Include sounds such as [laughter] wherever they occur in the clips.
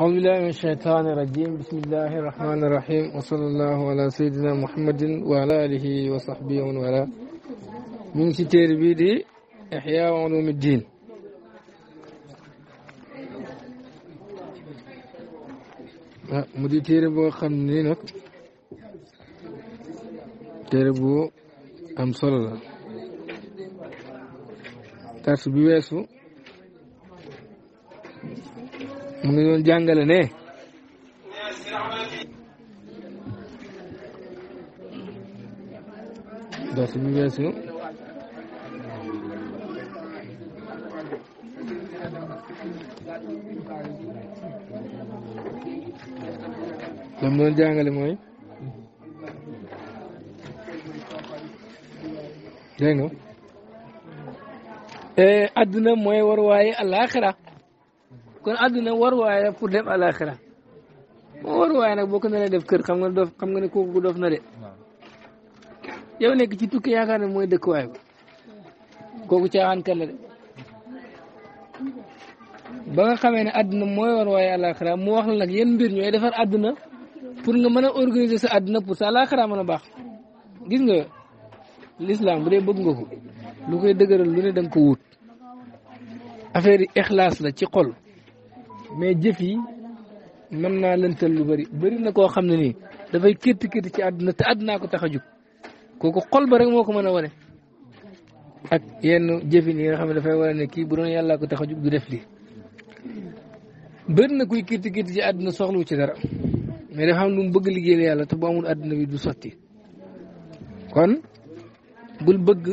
أعوذ بالله من الشيطان الرجيم بسم الله الرحمن الرحيم وصلى الله على سيدنا محمد وعلى آله وصحبه ومن والاه من كتير بيدي إحياء علوم الدين آه، mu di téere boo xam ni nag téere bu am mu ngi doon jàngale ne dars doon jàngale mooy dégg nga eh, adduna mooy waruwaaye alaaxira kon àdduna waruwaay la pour dem àlaxira moom waaye nag boo ko naree def kër xam nga doof xam nga ne kooku doof na de yow nekk ci tukki yaakaar ne mooy dëkkuwaay ko kooku caaxaan kan la de ba nga xamee ne àdduna mooy war waruwaay àlaxira mu wax la nag yan mbir ñooy defar àdduna pour nga mën a organiser sa àdduna pour sa àlaxira mën a baax gis nga lislaam bu dee bëgg nga ko lu koy dëgëral lu ne da ko wut affaire yi ixlaas la ci xol mais jëf yi mën naa lëntal lu bari bëri na koo xam ne nii dafay kétti kétti ci àdduna te àddinaa ko tax a jug kooku xol ba rek moo ko mën a wane ak yenn jëfin yi nga xam ne dafay wane ne kii bu doon yàllaa ko tax a jug du def lii bëri na kuy kétti kétti ci àdduna soxlu ci dara mais dafa xam lu mu bëgg liggéeyal yàlla te bu amul àdduna du sotti kon bëgg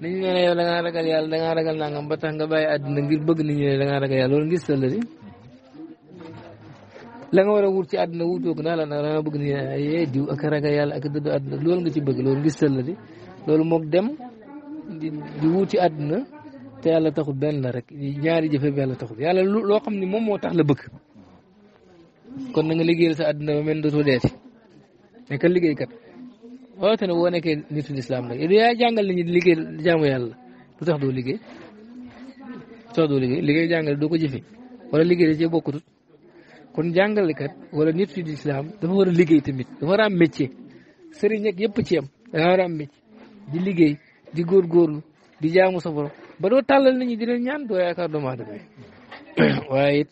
nañu ne yow da ngaa ragal yàlla da ngaa ragal nangam ba tax nga bàyyi àdduna ngir bëgg nañu ne da ngaa ragal yàlla loolu ngir sëlla di la nga war a wut ci àdduna wutoo ko naa la nag la bëgg ni ay eh, diw ak ragal yàlla ak dëddu àdduna loolu nga ci bëgg loolu ngi sël la loolu moog dem di wut ci àdduna te yàlla taxul benn la rek ñaari jëfe bi yàlla taxul yàlla loo xam ni moom moo tax la bëgg na nga liggéeyal sa àdduna ba mel dootoo deeti nekkal liggéeykat woote na boo nekkee nitu lislaam nag yow yaa jàngal nit liggéey di liggéey jaamu yàlla lu tax doo liggéey lu tax doo liggéey liggéey jàngale doo ko jëfe wala liggéey da cee bokkutut kon jàngalekat wala nit fi di islam dafa war a liggéey tamit dafa war a am métier sëriñ ak yëpp ci am dafa war a am di liggéey di góor góorgóorlu di jaamu sa borom ba doo tàllal nit ñi di leen ñaan doo yaakaar doomu aadama [coughs] waaye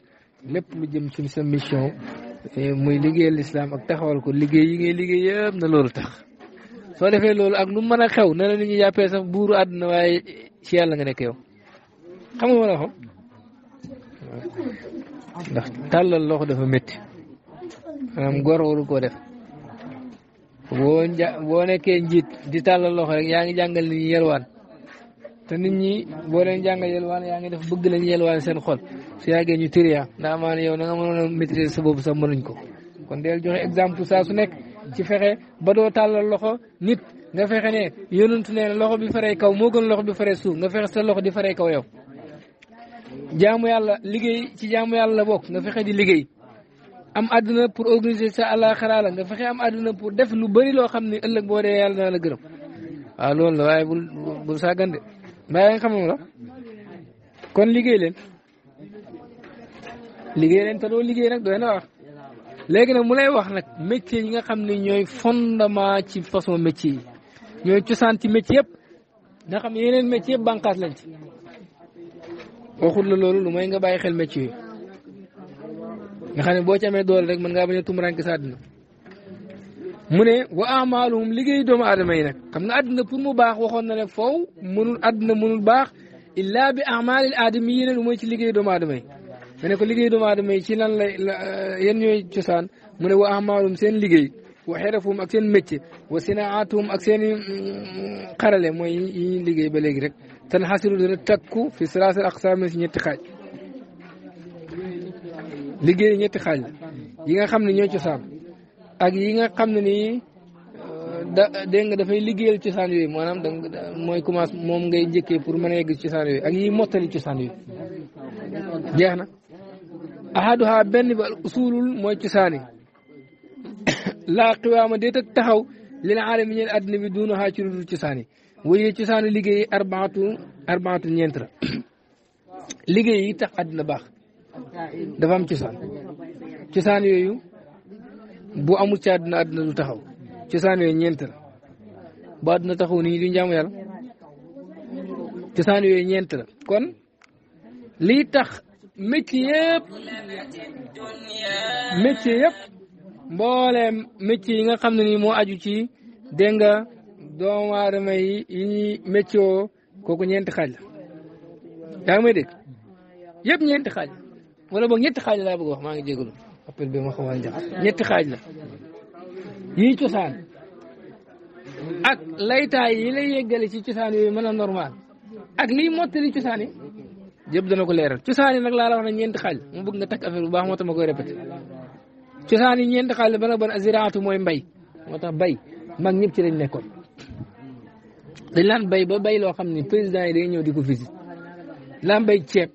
lépp lu jëm ci sa mission eh, muy liggéey lislaam ak taxawal ko liggéey yi ngay liggéey yëpp na loolu tax soo defee loolu ak nu mën a xew na la nit ñi jàppee sax buuru àdduna waaye ci yàlla nga nekk yow xam nga wala xam ndax tàllal loxo dafa métti maanaam góor waru koo def boo boo nekkee njiit di tàllal loxo rek yaa ngi jàngal nit ñi yelwaan te nit ñi boo leen jàngal yelwaan yaa ngi def bëgg lañ yelwaan seen xol su yàggee ñu tëriyaa ndax amaana na nga mënoon a maîtriser sa bopp sax mënuñ ko kon del joxe exemple saa su nekk ci fexe ba doo tàllal loxo nit nga fexe ne yonent nee loxo bi faree kaw moo gën loxo bi faree suuf nga fexe sa loxo di faree kaw yow jaamu yàlla liggéey ci jaamu yàlla la bokk nga fexe di liggéey am àdduna pour organiser sa àllaaxira la nga fexe am àdduna pour def lu bëri loo xam ne ëllëg boo dee yàlla naa la gërëm waaw ah, loolu la waaye bul bul sàggande mbaa nga xam la kon liggéey leen liggéey leen te liggéey nag doy nag mu lay wax nag métier yi nga xam ne ñooy fondement ci façon métier yi ñooy cosaan ci métier yëpp nga xam yeneen métier yëpp bànqaas lañ ci waxul la loolu lu may nga bàyyi xel métier yi nga xam ne boo ci amee rek mën ngaa bañ a tumuraanke sa mu ne wa amaaluhum liggéey doomu aadama yi nag xam nga àddina pour mu baax waxoon na ne foofu mënul àddina mënul baax illa bi amaalil aadami yi mooy ci liggéey doomu aadama yi ma ne ko liggéey doomu aadama yi ci lan lay euh, yan ñooy cosaan mu ne wa amaaluhum seen liggéey wa xerafuhum ak seen métier wa sinaatuhum ak seen mm, mm, xarale mooy yi liggéey ba léegi rek tanxasiru dana takku fi salaasal aqsaam si ñetti xaaj liggéey ñetti xaaj yi nga xam ne ñoo cosaan ak yi nga xam ne nii euh, da dégg nga dafay liggéeyal cosaan yooyu maanaam mooy commence moom ngay njëkkee pour mën a yegg cosaan yooyu ak yi mottali cosaan yooyu jeex na ahaduha benn bi al usulul mooy cosaan [coughs] laa qiwaama déet ak taxaw lil aalami ñeen àddina bi duuna xaa ci lu dul cosaani waaye cosaani liggéey arbaatu arbaatu ñeent la [coughs] liggéey yi tax àddina baax dafa am cosaan cosaan yooyu bu amul ci àddina àddina du taxaw cosaan yooyu ñeent la bu àddina taxaw nit ñi duñ jaamu cosaan yooyu ñeent la kon lii tax métier yëpp métier yëpp mbooleem métier yi nga xam ne ni moo aju ci dégg nga doomu yi yi ñuy kooku ñeenti xaaj la yaa may dégg yëpp ñeenti xaaj wala boog ñetti xaaj laa bëgg wax maa ngi jégalu a jax ñetti xaaj la yii cosaan ak laytaay yi lay yeggale ci cosaan yooyu mën a normal ak liy mottali cosaan yi yëpp dana ko leeral cosaan yi nag laa la wax ne ñeenti xaaj mu bëgg nga takk affaire bu baax moo tax ma koy répété cosaan yi ñeenti xaaj la ban ak ban aziraatu mooy mbay moo tax bay mag ñëpp ci lañ nekkoon dañ laan bay ba bay loo xam ne président yi day ñëw di ko visite laan bay ceeb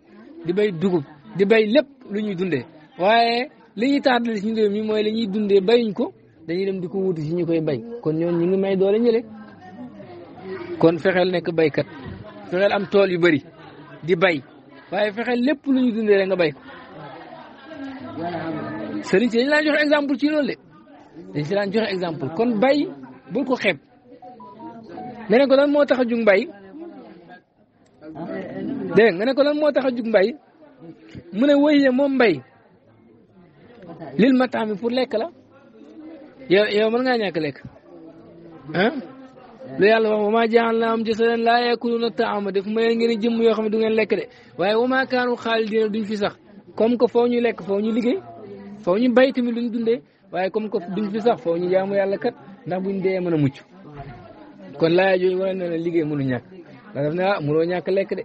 di bay dugub di bay lépp lu ñuy dundee waaye li ñuy taatale si mooy li ñuy dundee bayuñ ko dañuy dem di ko wuti ñu koy bay kon ñoo ñu ngi may doole ñële kon fexeel nekk baykat fexeel am tool yu bëri di bay waaye fexeel lépp lu ñuy dundee rek nga bay sëriñ si dañ laa jox exemple ci loolu de dañ si daan joxe exemple kon bay bul ko xeeb nga ne ko lan moo tax a jug mbay dégg nga ne ko lan moo tax a jug mbay mu ne wéy moom mbay lil ma tax mi pour lekk la yow yow mën ngaa ñàkk lekk ah lu yàlla wax wama jaalnaahum jasadan laa yakuluuna taama def may ngeen jëmm yoo xam ne du ngeen lekk de waaye wama kaanu xaalidina duñ fi sax comme que foo ñuy lekk foo ñu liggéey foo ñu bay tamit luñ dundee waaye comme ko duñ fi sax foo ñu jaamu yàlla kat ndax buñ dee mën a mucc kon laaya jooju wane na ne liggéey mënu ñàkk ndax daf ah, ñàkk lekk de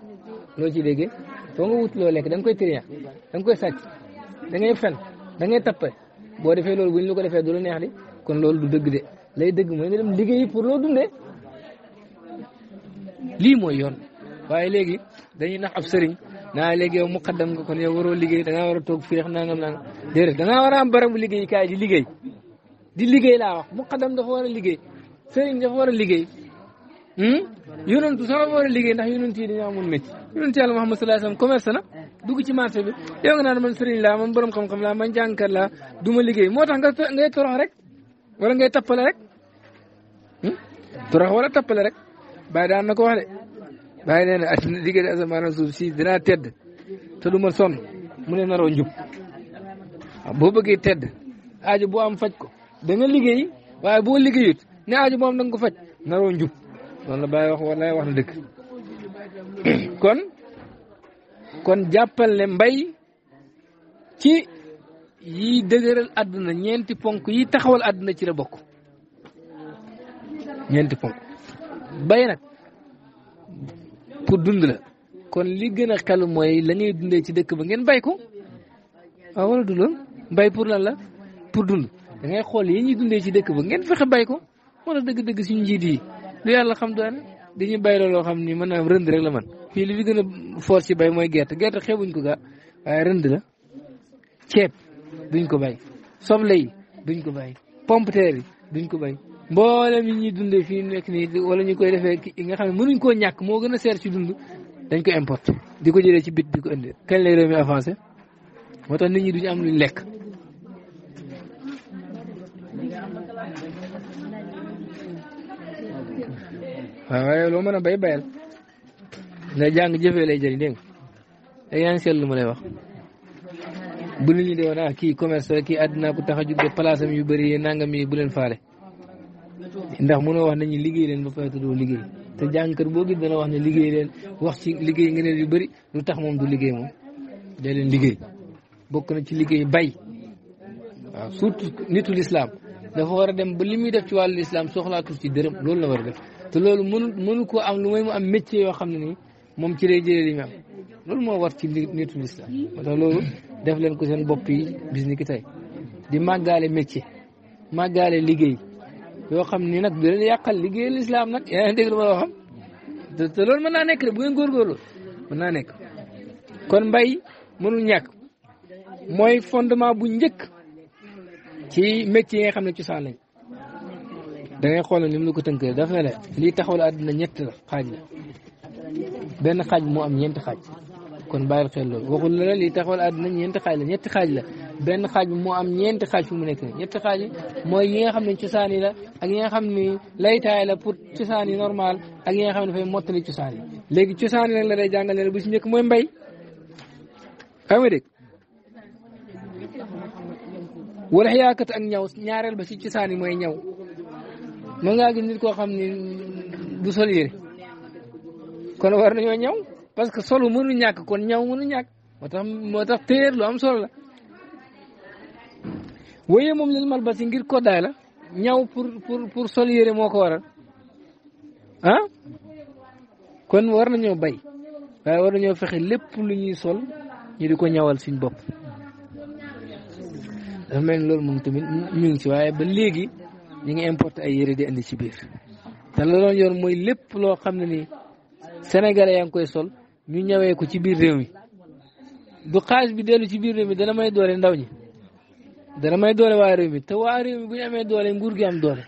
loo ci déggee foo nga wut loo lekk da nga koy trier da koy sàcc da ngay fen da ngay tappe boo defee loolu buñ la ko defee du la neex kon loolu du dëgg de lay dëgg mooy nga dem liggéey pour loo dundee lii mooy yoon waaye léegi dañuy nax ab sëriñ naa léegi yow muqaddam nga kon yow waroo liggéey dangaa war a toog fii nangam nangam déedéet dangaa war a am barabu liggéeyukaay di liggéey di liggéey laa wax muqaddam dafa war a liggéey sëriñ dafa war a liggéey hmm? yonentu sax dafa war a liggéey ndax yonent yi dañoo amoon métti yonentu yàlla Muhammad sallallahu alayhi wasallam commerce na dugg ci marché bi yow nga naan man sëriñ laa man borom xam-xam laa man jàngkat laa du ma liggéey moo tax nga ngay torox rek wala ngay tappale rek hmm? torox wala tappale bàyyi nee na àddina diggante asamaan suuf dinaa tedd te du ma sonn mu ne naroo njub boo bëggee tedd aajo boo am faj ko da nga liggéey waaye boo liggéeyut ne aajo boo am da ko faj naroo njub loolu la bàyyi wax wala wax na dëgg [coughs] kon kon jàppal ne mbay ci yi dëgëral àdduna ñeenti ponk yi taxawal àdduna ci la ñeenti ponk bay nag pour dund la kon li gën a xel mooy la ñuy dundee ci dëkk ba ngeen bay ko waaw ah, wala du loolu bay pour lan la pour dund da ngay xool yi ñuy dundee ci dëkk ba ngeen fexe bay ko wala dëgg-dëgg suñu njiit yi lu yàlla xam daane dañuy bay loo xam ni mën naa rënd rek la man fii li fi gën a fort ci bay mooy gerte gerte xeebuñ ko gaa waaye rënd la ceeb duñ ko bay soble yi duñ ko bay pomme terre yi duñ ko bay mboolem yi ñii dundee fii mu nekk nii wala ñu koy defee ki nga xam ne mënuñ koo ñàkk moo gën a seer ci dund dañ ko importé di ko jëlee ci bit di ko indi kañ lay réew mi avancé moo tax nit ñi duñu am luñ lekk. loo mën a bay bayal nga jàng jëfee lay jëriñ dégg nga yaa ngi seetlu ma lay wax. bu nit ñi de woon ki kii commerce kii àddina ko tax a jug de place am yu bëri nangam yi bu leen faale. ndax mënoo wax nañu liggéey leen ba pare te doo liggéey te jàngkat boo gis dana wax ne liggéey leen wax ci liggéey ngeen yu bëri lu tax moom du liggéey moom day leen liggéey bokk na ci liggéey bay waaw surtout nitu lislaam dafa war a dem ba li muy def ci wàllu lislaam soxlaatu ci dërëm loolu la war a def te loolu mënu mënu koo am lu may mu am métier yoo xam ne moom ci lay jëlee li mu loolu moo war ci nitu lislaam moo tax loolu def leen ko seen bopp yi bis ni ki tey di màggaale métier màggaale liggéey yoo xam ni nag du leen yàqal liggéeyal islam nag yaa ngi dégg lu ma la waxoon te loolu mën naa nekk de bu ngeen góorgóorlu mën naa nekk kon mbay mënul ñàkk mooy fondement bu njëkk ci métier yi nga xam ne cosaan lañ da ngay xool ni mu la ko tënkee dafa ne la lii taxawal àddina ñett la xaaj la benn xaaj moo am ñeenti xaaj kon bàyyil xel loolu waxul la lii taxawal àddina ñeenti xaaj la ñetti xaaj la benn xaaj bi moo am ñeenti xaaj fu mu nekk ñetti xaaj yi mooy yi nga xam ne cosaan yi la ak yi xam ne laytaay la pour cosaan yi normal ak yi nga xam ne dafay mottali cosaan yi léegi cosaan yi nag la day jàngale ne bu si njëkk mooy mbay xam nga dégg wala xiyaakat ak ñaw ñaareel ba si cosaan yi mooy ñaw mën ga gis nit koo xam ne du sol yére kon war nañoo ñaw parce que solu mënu ñàkk kon ñaw mënu ñàkk moo tax tax téer lu am solo la waaye moom lil malbasi ngir koddaay la ñaw pour pour pour sol yére moo ko waral ah kon war nañoo bay waaye war nañoo fexe lépp lu ñuy sol ñu di ko ñawal suñ bopp dafa mel ni loolu moom tamit ñu ngi si waaye ba léegi ñu ngi importé ay yére di indi ci biir te la doon yoon mooy lépp loo xam ne ni sénégalais yaa ngi koy sol ñu ñawee ko ci biir réew mi du xaalis bi dellu ci biir réew mi dana may doole ndaw ñi dana may doole waa réew mi te waa réew mi bu ñu amee doole nguur gi am doole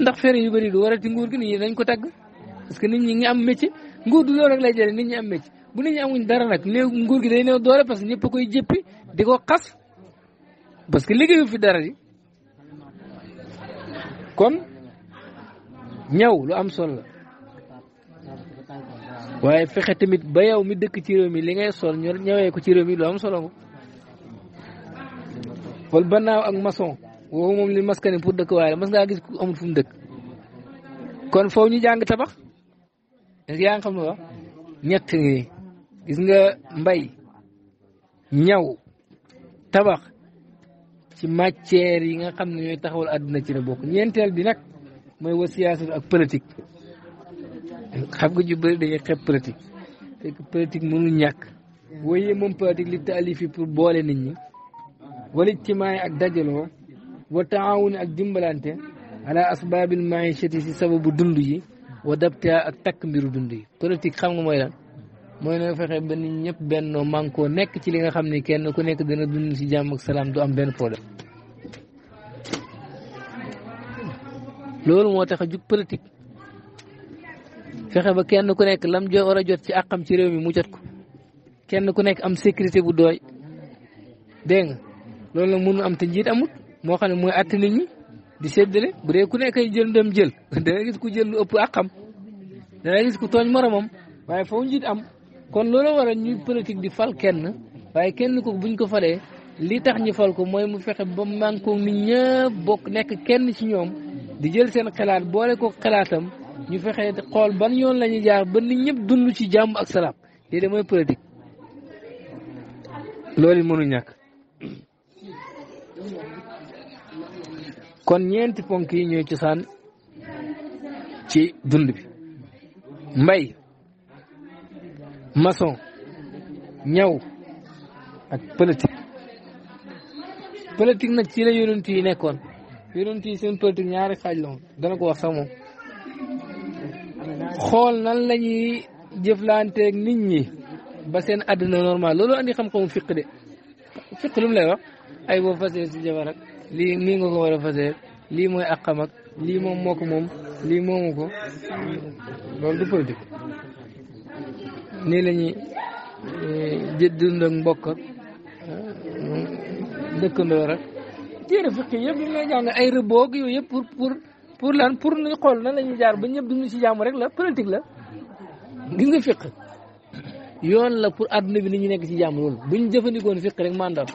ndax fere yu bëri du warati nguur gi nit ñi dañ ko tagg parce que nit ñi ngi am métier nguur du loolu rek lay jëlee nit ñi am métier bu nit ñi amuñ dara nag néew nguur gi day néew doole parce que ñëpp a koy jëppi di ko xas parce que liggéeyu fi dara di kon ñaw lu am solo la waaye fexe tamit ba yow mi dëkk ci réew mi li ngay sol ñoo ñawee ko ci réew mi lu am solo wal bannaaw ak maçon woowu moom li maskani pour dëkk waaye mas ngaa gis ku amul fu dëkk kon foofu ñu jàng tabax yaa ngi xam ne gis nga mbay ñaw tabax ci matière yi nga xam ne ñooy taxawal àdduna ci la bokk ñeenteel bi nag mooy wa siyaasatu ak politique xam nga ju bëri dañuy xeeb politique fekk politique mënul ñàkk waaye li taalifi pour boole nit ñi wal ijtimaay ak dajaloo wa taawuni ak dimbalante ala asbaabil maishati si sababu dund yi wa dabta ak takk mbiru dund yi politique xam nga mooy la mooy na fexe ba nit ñëpp benn mànkoo nekk ci li nga xam ni kenn ku nekk dana dund ci jàmm ak salaam du am benn problème loolu moo tax a jug politique fexe ba kenn ku nekk lam jo war a jot ci àqam ci réew mi mu jot ko kenn ku nekk am sécurité bu doy dégg nga loolu nag mënu am te njiit amut moo xam ne mooy àtt nit ñi di séddale bu dee ku nekk jël dem jël [laughs] dana gis ku jël lu ëpp àqam dana gis ku tooñ moromam waaye foofu njiit am kon loolu waral ñuy politique di fal kenn waaye kenn ko buñ ko falee li tax ñu fal ko mooy mu fexe ba mànkoo nit ñëpp bokk nekk kenn ci ñoom di jël seen xalaat boole ko xalaatam ñu fexe xool ban yoon la ñuy jaar ba nit ñëpp dund ci jàmm ak salaab lii de mooy politique loolu ñàkk kon ñeenti ponk yi ñooy cosaan ci dund bi mbay maçon ñaw ak politique politique nag ci la yonent yi nekkoon yonent yi seen politique ñaari xaaj la dana ko wax sax moom xool nan la ñuy nit ñi ba seen àddina normal loolu andi xam-xamu fiq de fiq lu mu lay wax ay boo fasee si jabar lii nii nga ko war a fasee lii mooy àqam lii moom mook moom lii moomu ko loolu du politique nii la ñuy eh, dund ak mbokk ak eh, dëkkandoo rek téere fiq yëpp ñu lay jàng ay rëbboog yooyu yëpp pour pour lan pour ñu xool nan la ñuy jaar ba ñëpp dund ci jàmm rek la politique la gis nga fiq yoon la pour adduna bi ni ñu nekk ci jàmm loolu bu ñu jëfandikoon fiq rek mandat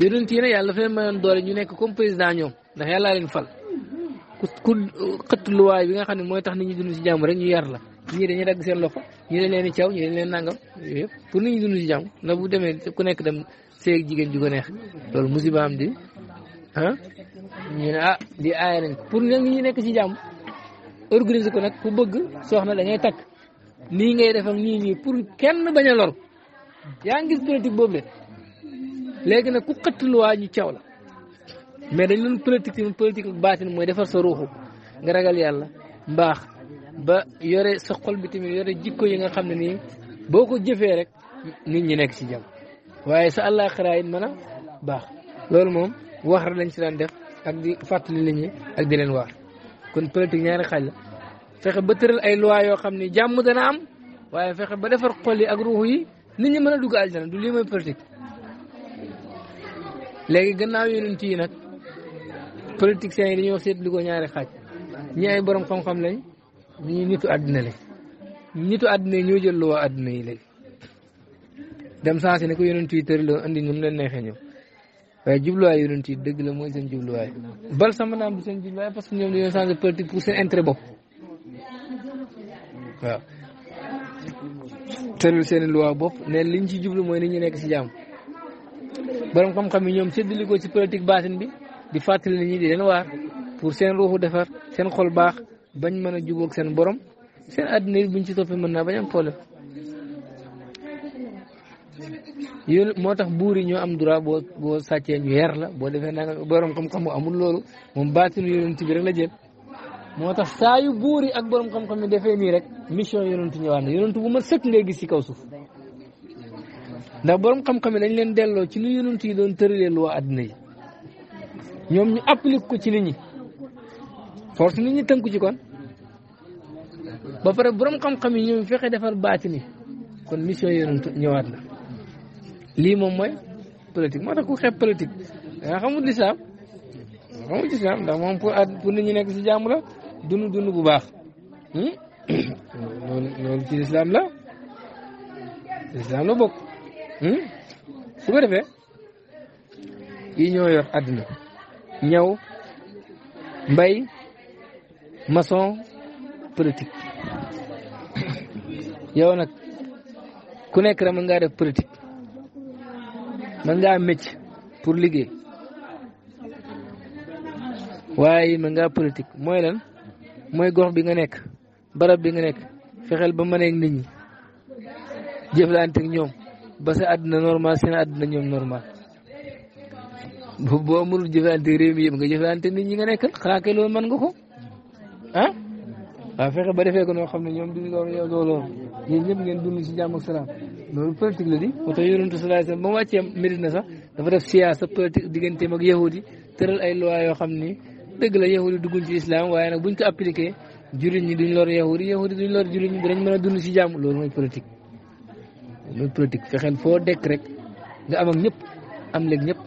yonent yi ne yàlla daf leen mayoon doole ñu nekk comme président ñoom ndax yàllaa leen fal ku ku xëtt luwaay bi nga xam ne mooy tax nit ñi dund si jàmm rek ñu yar la ñii dañuy dagg seen loxo ñii dañ leen di caw ñii leen nangam yooyu yëpp pour nit ñi dund si jàmm ndax bu demee ku nekk dem seeg jigéen ju ko neex loolu musiba am di ah ñu ne ah di aaya nañ ko pour nag nit ñi nekk ci jàmm organiser ko nag ku bëgg soxna da ngay takk nii ngay def ak nii nii pour kenn bañ a yaa ngi gis politique boobu de léegi nag ku xëtt luwaa ñu caw la mais dañ doon politique yi politique ak baatin mooy defar sa ruuxu nga ragal yàlla mbaax ba yore sa xol bi tamit yore jikko yi nga xam ne nii boo ko jëfee rek nit ñi nekk ci jàmm waaye sa àllaaxira it man a baax loolu moom wax rek lañ si daan def ak di fàttali nit ñi ak di leen waar kon politique ñaari xaaj la fexe ba tëral ay loi yoo xam ni jàmm dana am waaye fexe ba defar xol yi ak ruux yi nit ñi mën a dugg aljana du lii mooy politique léegi gannaaw yonent yi nag politiciens yi dañuy wax seetlu ko ñaari xaaj ñi ay borom xam-xam lañ ñi nitu àdduna lañ nitu àddina yi ñoo jël lu waa yi léegi dem saa si ne ko yonent indi tëri loo andi ñu mu leen neexee ñëw waaye jubluwaay yonent yi dëgg la mooy seen jubluwaay bal sama naam du seen jubluwaay parce que ñoom dañoo changé politique pour seen intérêt bopp waaw tëral luwaa bopp ne liñ ci jublu mooy nit ñu nekk si jàmm borom xam-xam yi ñoom séddale ko si politique baatin bi di fàttali nit ñi di leen waar pour seen ruuxu defar seen xol baax bañ mën a jubóog seen borom seen àddina yi buñ ci toppee mën naa bañ am problème. moo tax buur yi ñoo am droit boo boo sàccee ñu yer la boo defee nanga borom xam-xam bu amul loolu moom baatinu yonent bi rek la jël moo tax saa yu buur yi ak borom xam-xam yi defee nii rek mission yonent ñëwaat na yonent bu ma sëkk ngay gis ci kaw suuf. ndax boroom xam-xam yi dañ leen delloo ci nu yonent yi doon tëralee lu waa àddina yi ñoom ñu applique ko ci nit ñi force ni ñu tënku ci kon ba pare boroom xam-xam yi ñoom fexe defar baati ni kon mission yonent ñëwaat na lii moom mooy politique moo tax ku xeeb politique danga xamul lislaam xamul lislaam ndax moom pour pour nit ñi nekk ci jàmm la dund dund bu baax hmm? [coughs] loolu loolu ci lislaam la lislaam la bokk Hmm? su ko defee yi ñoo yor àdduna ñaw mbay maçon politique [coughs] yow nag ku nekk rek mën ngaa def politique mën ngaa mécc pour liggéey waaye mën ngaa politique mooy lan mooy gox bi nga nekk barab bi nga nekk fexeel ba mëneeg nit ñi jëflante ak ñoom ba sa àddina normal seen àddina ñoom normal boo mënul jëfante réew mi yëpp nga jëfante nit ñi nga nekk xanaa kay loolu man nga ko ah waaw fexe ba defee ko noo xam ne ñoom duñ loolu yow looloo yéen ñëpp ngeen dund jàmm ak salaam loolu politique la di moo tax yonentu sallallahu alayhi wasallam na sax dafa def siyaasa politique digganteem ak yahudi tëral ay loi yoo xam ni dëgg la yahudi dugguñ ci islam waaye nag buñ ko appliqué jullit ñi duñ lor yahudi yahudi duñ lor jullit ñi dinañ a dund ci jàmm loolu mooy politique loolu politique fexeel foo dekk rek nga am ak ñëpp am léeg ñëpp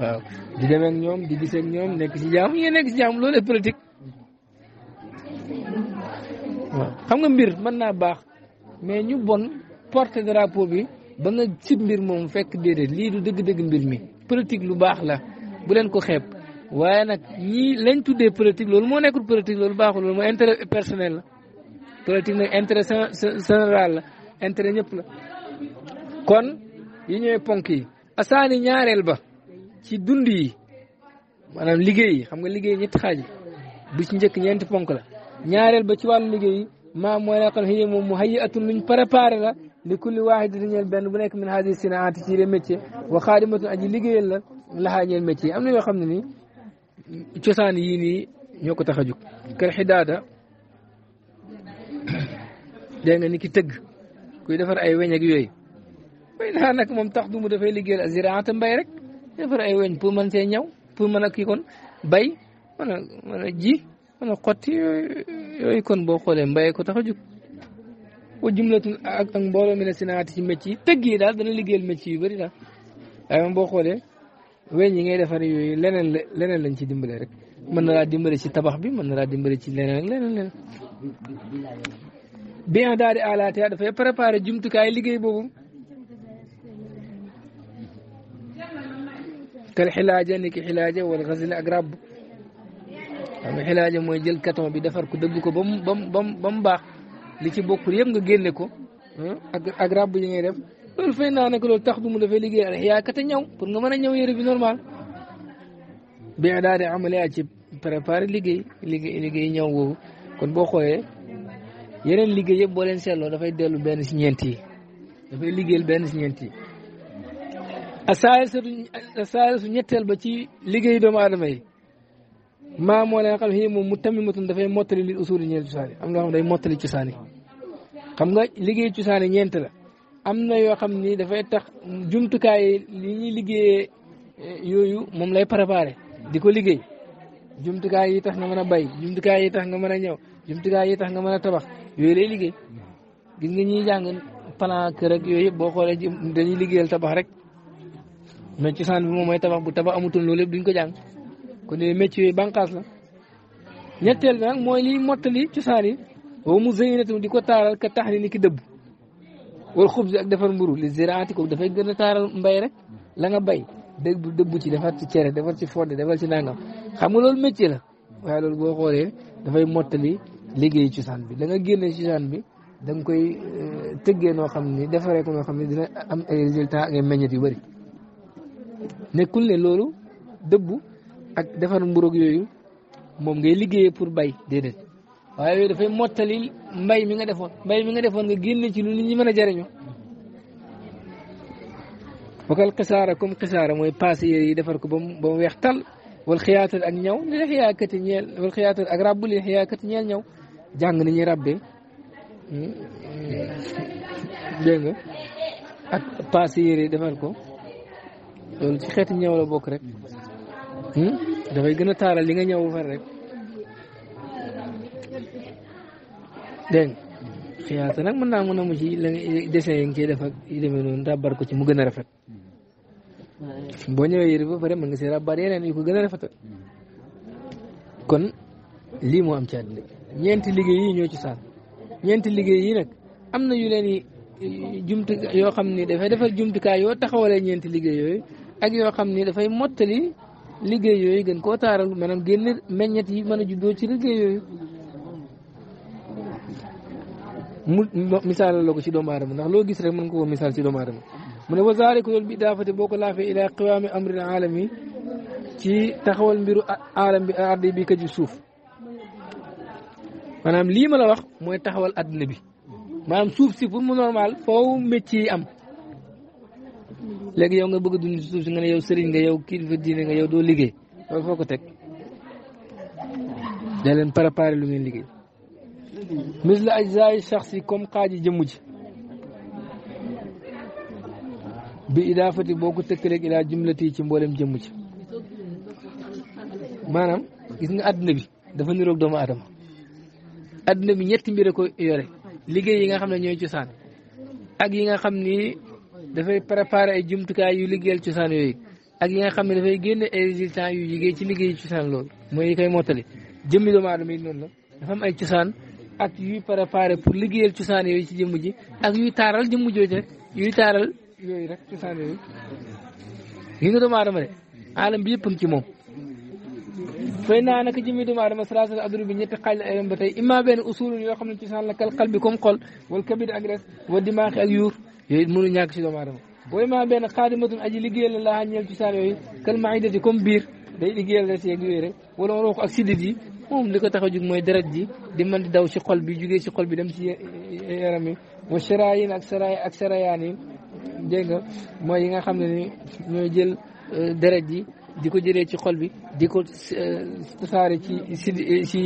waaw di dem ak ñoom di gis ak ñoom nekk ci jaam yéen nekk ci jaam waaw xam nga mbir mën naa baax mais ñu bon porte drapeau bi ba nga cib mbir moom fekk déedéet lii du dëgg-dëgg mbir mi politique lu baax la bu leen ko xeeb waaye nag ñii lañ tuddee politique loolu moo nekkul politique loolu baaxul loolu mooy intérêt personnel la politique nag intérêt général la intérêt ñépp la kon yi ñooy ponk yi asaani ñaareel ba ci dund yi maanaam liggéey yi xam nga liggéey ñetti xaaj bu ci njëkk ñeenti ponk la ñaareel ba ci wàllu liggéey yi maam mooy la xam xëy moom mu xëy atun luñ préparé la li kulli waaxid ñeel benn bu nekk min haadi sina ati ci le métier wa xaadimatun aji liggéeyal la laxaa ñeel métier am na yoo xam ne ni cosaan yi nii ñoo ko tax a jug kër xidaada dégg nga ni ki tëgg kuy defar ay weñ ak yooyu way naa nag moom tax du mu dafay liggéeyal aziraata mbay rek defar ay weñ pour mën see ñaw pour mën a kii kon bay mën a mën a ji mën kon boo xoolee mbay ko taxa a jug wa ak ak mbooloo mi ne sinaati ci métier yi tëgg yi daal dana liggéeyal métier yu bari daa waaye moom boo xoolee weñ yi ngay defar yooyu leneen la leneen lañ ci dimbale rek mën na laa dimbale ci tabax bi mën na laa dimbale ci leneen ak leneen leneen bien daal di àlaatiha dafay préparer jumtukaay liggéey boobu kal xilaaja ni ki xilaaja wala xasine ak ràbb xam nga xilaaja mooy jël carton bi defar ko dëgg ko ba mu ba mu ba mu baax li ci bokkul yëpp nga génne ko ak ak ràbb yi ngay def loolu fay naa ne loolu tax du mu dafay liggéey rek yaa kat a ñëw pour nga mën a ñëw yére bi normal bien daal di amalee ci préparer liggéey liggéey liggéey ñëw kon boo xoolee. yeneen liggéey yëpp boo leen dafay dellu benn si ñeent yi dafay liggéeyal benn si ñeent yi asaayir su ñetteel ba ci liggéey doomu aadama yi maa moo leen xam xii moom mu tamimatun dafay mottali li usuli ñeel cosaan yi am nga xam day mottali cosaan yi xam nga liggéey cosaan yi ñeent la am na yoo xam ni dafay tax jumtukaay yi li ñuy liggéeyee eh, yooyu moom lay préparé di ko liggéey jumtukaay yi tax nga mën a bay jumtukaay yi tax nga mën a ñëw jumtukaay yi tax nga mën a tabax yooyu lay liggéey gis nga ñuy jàng plan kër ak yooyu yëpp boo xoolee ci dañuy liggéeyal tabax rek mais ci saan bi moom mooy tabax bu tabax amutoon loolu yëpp duñ ko jàng kon yooyu métier la ñetteel bi nag mooy li mottali cosaan yi boobu mu zëyinatum di ko taaral ka tax ni ni ki dëbb wal xub si ak defar mburu li ziraati ko dafay gën a taaral mbay rek la nga bay dëgg dëbb ci defar ci cere defar ci fodde defar ci nangam xam nga loolu métier la waaye loolu boo xoolee dafay mottali liggéey cosaan bi da nga génne cosaan bi da nga koy euh, tëggee noo xam ni defaree ko noo xam ni dina am ay résultat ak ay meññet yu bari nekkul ne loolu dëbbu ak defar mburoog yooyu moom ngay liggéeyee pour bay déedéet waaye yooyu dafay mottali mbay mi nga defoon mbay mi nga defoon nga génne ci lu nit ñi mën a jëriñoo bokkal xisaara comme xisaara mooy paase yi defar ko ba mu mu weex tal wal xiyaatal ak ñaw li la xiyaakati ñeel wal xiyaatal ak ràbbu li la xiyaakati ñeel jàng ni ñuy ràbbee dégg nga ak paase yére defal ko loolu ci xeeti ñëw bokk rek hmm? dafay gën a taaral li nga ñëw bu far rek dégg nga xiyaasa nag mën naa mën a mu ci la dessin yi nga ciy def ak yi demee noonu ràbbar ko ci mu gën a rafet boo ñëwee yére ba pare mën nga see ràbbar yeneen yu ko gën a rafetal kon lii moo am ci àddina ñeenti liggéey yi ñoo ci saan ñeenti liggéey yi nag am na yu leen i jumtu yoo xam ni dafay defar jumtukaay yoo taxawalee ñeenti liggéey yooyu ak yoo xam ni dafay mottali liggéey yooyu gën koo taaral maanaam génn meññet yi mën a juddoo ci liggéey yooyu mu misaal la ko ci doomu aadama ndax loo gis rek mën nga misaal ci doomu aadama mu ne wasaariku loolu bi daafate boo ko laafee ilaa qiwaami amril aalami ci taxawal mbiru aalam bi ardi bi ka suuf maanaam lii ma la wax mooy taxawal adduna bi maanaam suuf si pour mu normal foofu métier yi am léegi yow nga bëgg a dund si suuf si nga ne yow sëriñ nga yow kilifa diine nga yow doo liggéey loolu ko teg da leen préparé lu ngeen liggéey mis la ajzaay si comme xaaji jëmm ji bi idaafati boo ko tëkkaleeg ilaa jumlati ci mboolem jëmm ci maanaam gis nga adduna bi dafa niroog doomu aadama adduna bi ñetti mbir a ko yore liggéey yi nga xam ne ñooy cosaan ak yi nga xam ni dafay préparer ay jumtukaay yu liggéeyal cosaan yooyu ak yi nga xam ne dafay génn ay résultats yu liggéey ci liggéey cosaan loolu mooy yi koy mottali jëmmi doomu aadama yi noonu la dafa am ay cosaan ak yuy préparer pour liggéeyal cosaan yooyu ci jëmm ji ak yuy taaral jëmm jooju rek yuy taaral yooyu rek cosaan yooyu yi nga doomu aadama de alam bi yëpp ci moom fay naa naka jëmmi doomu aadama salaasal adru bi ñetti xaaj la ay ba tey imma benn usulul yoo xam ne ci saan la kal xal bi comme xol wal kabid ak res wa dimaaxi ak yuur yooyu mënu ñàkk si doomu aadama boo imma benn xaadimatun aji liggéeyal la laa ñeel ci saan yooyu kal maidati comme biir day liggéeyal res yeeg yooyu rek wala waroo ko ak siddit yi moom li ko tax a jug mooy deret ji di mën di daw ci xol bi jugee ci xol bi dem ci yaram yi wa saraayin ak saraay ak sarayaan yi dégg nga mooy yi nga xam ne ni ñooy jël deret ji di ko jëlee ci xol bi di ko euh, ci si si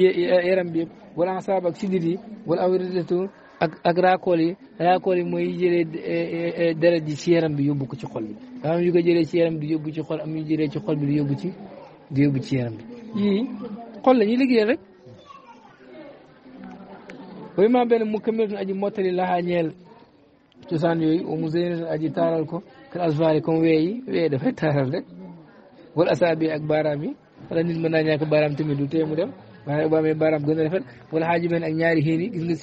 yaram bi wala ansaab ak sidit yi wala awridatu ak ak raakool yi raakool yi mooy jëlee euh, euh, deret ji ci yaram bi yóbbu ko ci xol bi daa am yu jëlee ci yaram bi di yóbbu ci xol am yu jëlee ci xol bi di yóbbu ci ci yaram bi yii xol la ñuy liggéeyal rek way maa benn mu kamilatu aji mottali laxaa ñeel cosaan yooyu mu zénatu aji taaral ko kal asvaari comme weeyi wee dafay taaral rek wala asaabi ak baaraam yi wala nit mën naa ñàkk baaraam tamit du tee mu dem waaye bu amee baaraam gën a rafet wala xaaji ak ñaari xiin yi gis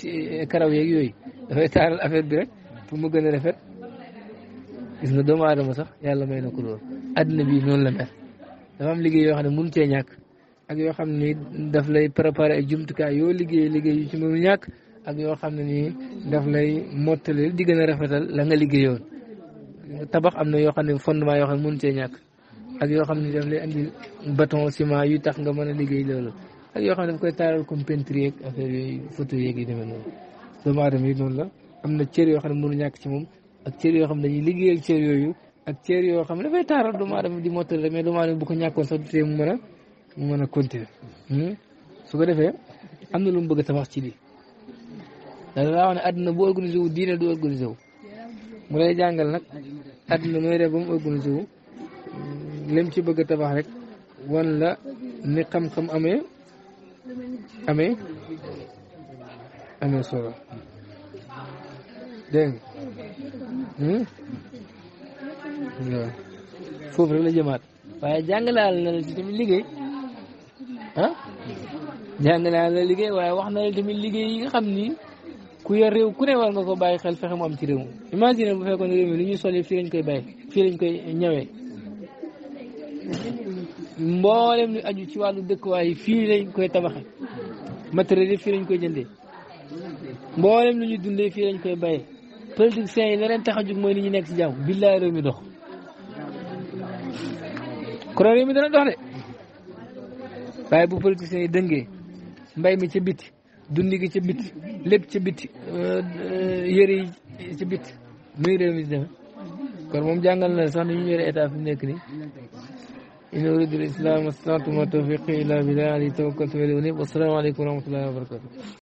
nga eh, yeeg yooyu dafay affaire bi rek mu gën a rafet gis nga doomu aadama sax yàlla may na ko lool adduna bi noonu la mel liggéey yoo xam ne mënu cee ñàkk ak yoo xam ne daf lay préparé ay jumtukaay yoo liggéey liggéey yu ci mënu ñàkk yoo xam ne nii daf lay mottali di gën a rafetal la nga liggéeyoon tabax am na yoo xam ne fondement yoo xam ne mënu cee ñàkk ak yoo xam ne daf lay andi bâton ciment yu tax nga mën a liggéey loolu ak yoo xam ne daf koy taaral comme peinture yeeg affaire yooyu photo yeeg yi demee noonu doomu aadama yi noonu la am na cër yoo xam ne mënu ñàkk ci moom yooyu xam ne dafay taaral doomu aadama di mottal mais doomu aadama bu ko ñàkkoon sax du a a continuer hmm? a tabax ci diine du organisé mu lay jàngal nag àdduna mooy def ba lim ci bëgg a tabax rek wan la ni xam-xam amee amee solo dégg nga hmm? foofu rek la jëmaat waaye jàngalaal na la ci tamit liggéey ah jàngalaal na liggéey waaye wax na la tamit liggéey yi nga xam ni ku yar réew ku ne war nga ko bàyyi xel fexe mu am ci réew mi imagine bu fekkoon réew mi lu ñuy sol fii lañ koy bàyyi fii lañ koy ñawee mboolem lu aju ci wàllu dëkkuwaay fii lañ koy tabaxe matériel yi fii lañ koy jëndee mboolem lu ñuy dundee fii lañ koy bayee politiciens yi la leen tax a mooy ni ñu nekk si jàmm billaay réew mi dox koro réew mi dana dox de waaye bu politiciens yi dëngee mbay mi ci biti dund gi ca biti lépp ca biti euh, yëre yi ci biti muy réew mi si kon moom jàngal na sax ni ñu yore état fi nekk nii إن أريد الإسلام واستطعت والتوفيق الى إلا توكلت عليه والسلام عليكم ورحمة الله وبركاته